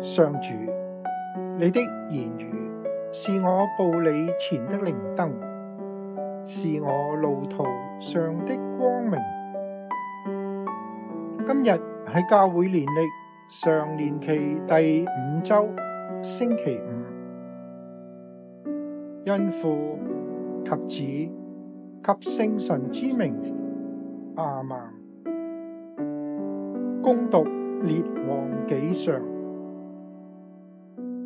上主，你的言語是我步你前的靈燈，是我路途上的光明。今日喺教會年曆上，常年期第五周星期五，因父及子及聖神之名阿門。恭讀列王紀上。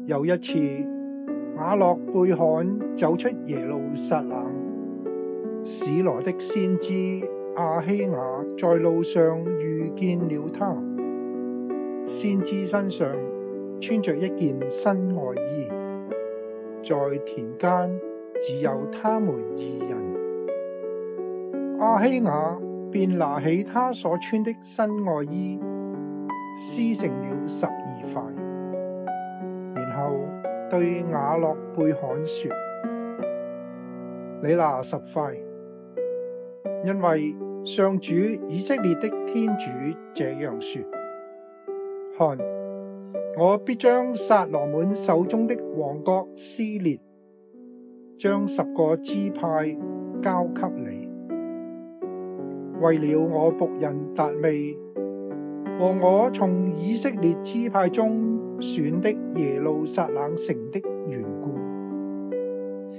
有一次，雅洛貝罕走出耶路撒冷，史羅的先知阿希雅在路上遇見了他。先知身上穿着一件新外衣，在田間只有他們二人。阿希雅便拿起他所穿的新外衣，撕成了十二塊。後對雅洛貝罕說：你拿十塊，因為上主以色列的天主這樣說：看，我必將撒羅滿手中的王國撕裂，將十個支派交給你，為了我僕人達味，和我從以色列支派中。選的耶路撒冷城的緣故，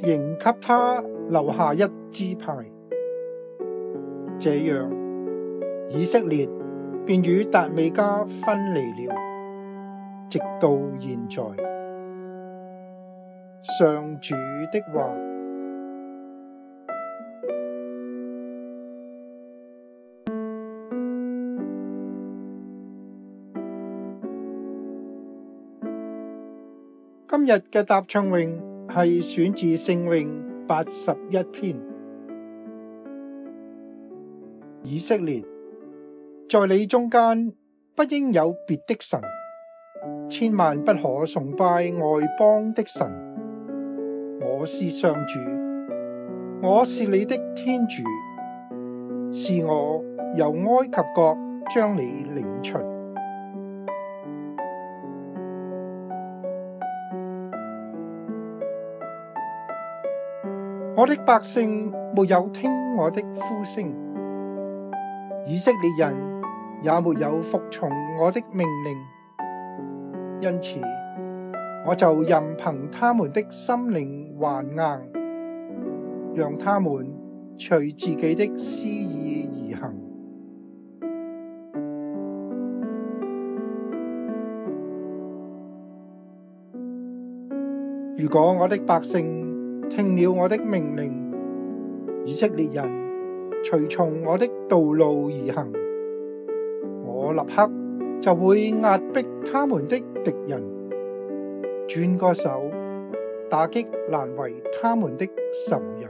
仍給他留下一支派。這樣，以色列便與達味家分離了，直到現在。上主的話。今日嘅答唱詠係選自聖詠八十一篇。以色列，在你中間不應有別的神，千萬不可崇拜外邦的神。我是上主，我是你的天主，是我由埃及國將你領出。我的百姓沒有聽我的呼聲，以色列人也沒有服從我的命令，因此我就任憑他們的心靈頑硬，讓他們隨自己的私意而行。如果我的百姓，聽了我的命令，以色列人隨從我的道路而行，我立刻就會壓迫他們的敵人，轉過手打擊難為他們的仇人，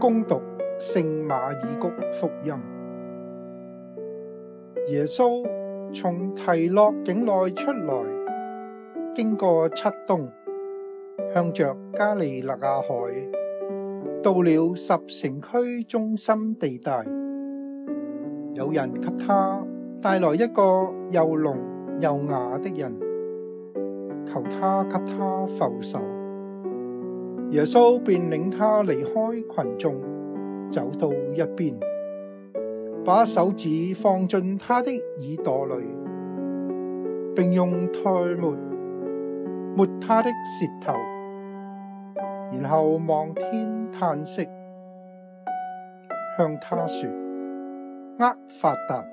福音。 聖馬爾谷福音：耶穌從提洛境內出來，經過漆冬，向着加里肋亞海，到了十城區中心地帶，有人給他帶來一個又聾又啞的人，求他給他覆手。耶穌便領他離開群眾。走到一邊，把手指放進他的耳朵裏，並用唾沫抹，抹他的舌頭，然後望天嘆息，向他說：「厄法達，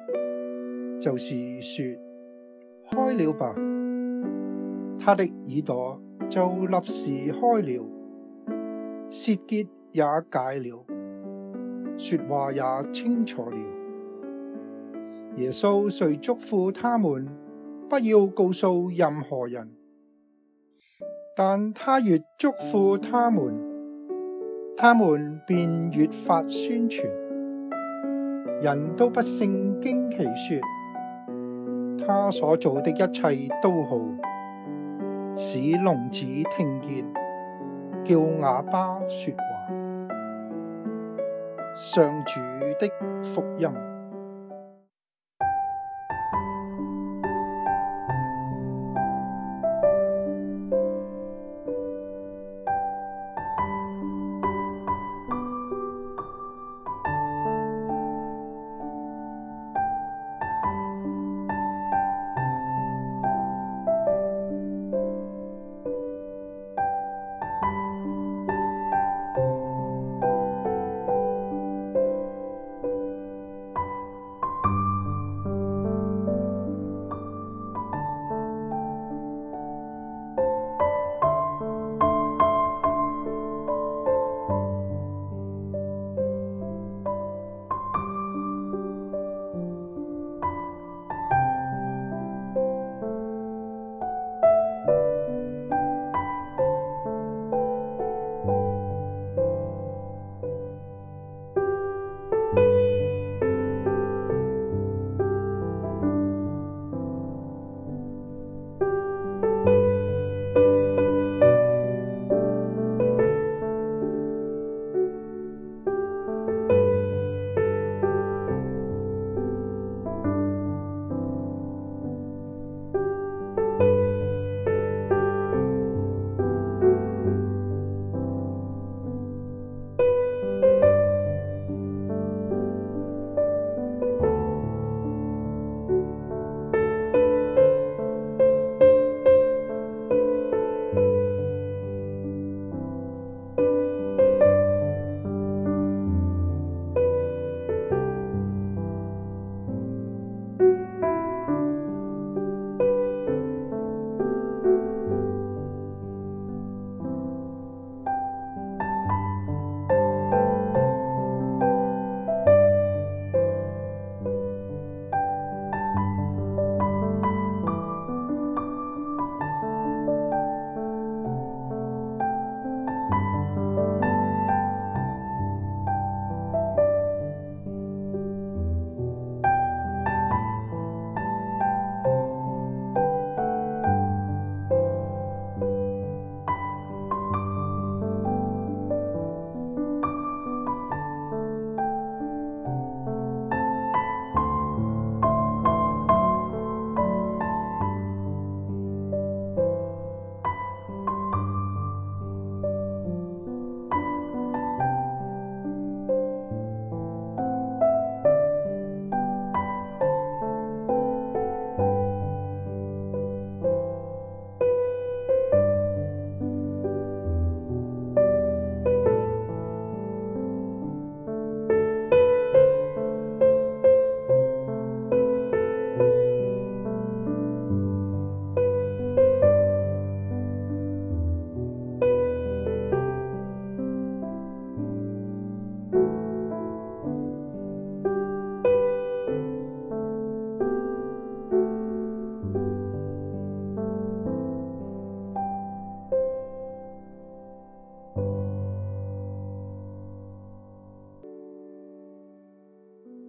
就是說開了吧。他的耳朵就立時開了，舌結也解了。說話也清楚了。耶穌遂囑咐他們不要告訴任何人，但他越囑咐他們，他們便越發宣傳。人都不勝驚奇，說，他所做的一切都好，使聾子聽見，叫啞巴說話。上主的福音。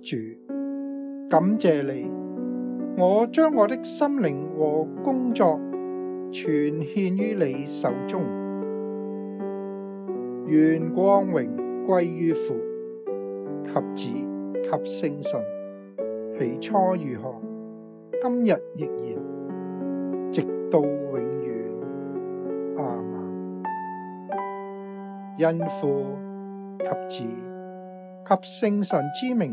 主，感謝你，我將我的心靈和工作全獻於你手中，願光榮歸於父及子及聖神，起初如何，今日亦然，直到永遠，阿們。因父及子及聖神之名。